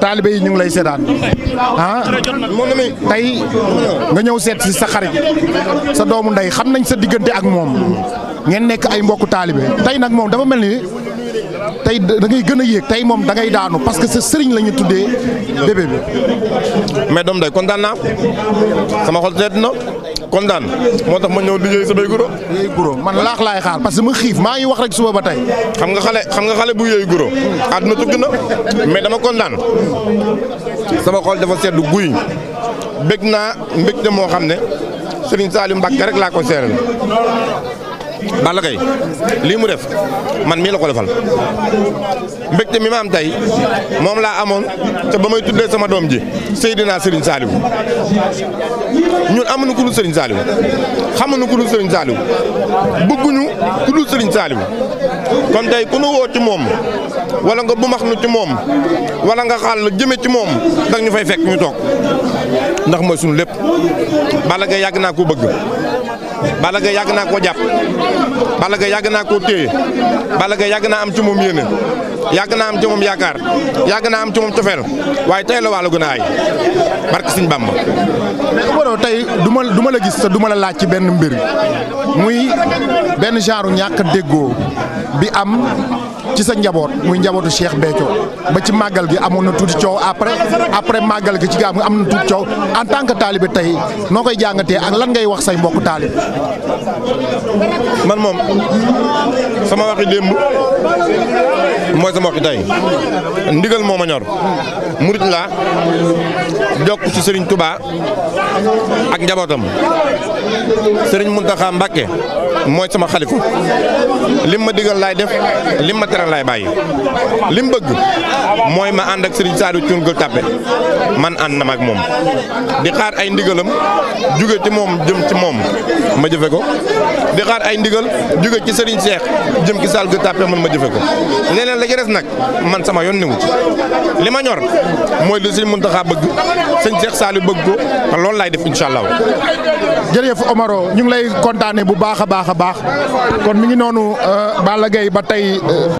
taalibe yi ñu ngi lay seetaan ah tey nga ñëw seet si sa xarit sa doomu ndey xam nañ sa diggante ak moom ngeen nekk ay mbokku taalibe tey nag moom dafa mel ni tey da ngay gën a yéeg tey moom da ngay daanu parce que sa sëriñ la ñu tuddee bébé bi. mais doom day kon naa sama xol seet na. kontaan moo tax ma ñëw liggéey samay guro. yooyu guro man laax laay xaar parce que ma xiif maa ngi wax rek suba ba tey. xam nga xale xam nga xale bu yooyu guro. àdduna tukki na mais dama kontaan. sama xool dafa sedd guy. bëgg naa mbégte moo xam ne Serigne Saliou Mbacké rek laa ko seeral. Balla Gaye lii mu def man mii la ko defal mi maam am tey moom laa amoon te ba may tuddee sama doom ji Seydina sëriñ Saliou ñun amuñu ku dul Serigne Saliou xamuñu ku dul Serigne Saliou bëgguñu ku dul Serigne Saliou kon tey ku nu woo ci moom walla nga bumax nu ci moom wala nga xaal jëme ci moom danga ñu fay fekk ñu toog ndax mooy suñu lépp Balla Gaye yàgg naa ko bëgg. Balla Gaye yàgg naa koo jàpp Balla Gaye yàgg naa koo téye Balla Gaye yàgg naa am ci moom yéene yàgg naa am ci yaakaar yàgg naa am ci moom cofeel waaye tey la wàllu gën a aay Bamba. mais Omaro tey du la gis te du la laaj ci benn mbir muy benn genre ñàkk déggoo bi am. ci sa njaboot muy njabootu Cheikh Béthio ba ci màggal gi amoon na tuuti coow après après màggal gi ci gaa am na tuuti coow en tant que taalibe tey noo koy jàngatee ak lan ngay wax say mbokk taalibe man moom sama waxi démb mooy sama waxi ndigal moo ma ñor murit la jokk ci Serigne tubaa ak njabootam Serigne Mountakha Mbacké mooy sama xalifa lim ma digal laay def lim ma teral laay bàyyi lim bëgg mooy ma ànd ak Serigne Saliou Thioune Gueule Tapée man ànd na ma moom di xaar ay ndigalam jóge ci moom jëm ci moom ma jëfe ko di xaar ay ndigal jóge ci sëriñ Cheikh jëm ci Saliou Gueule Tapée man ma jëfe ko la ca nag man sama yoon newu ci li ma ñor mooy li sëñ Muntaxa bëgg sëñ Cheikh saali bëgg ko te loolu laay def incha allah. fu Omaro ñu ngi lay kontaane bu baax a baax a baax kon mi ngi noonu euh, Balla Gaye ba tey. Euh,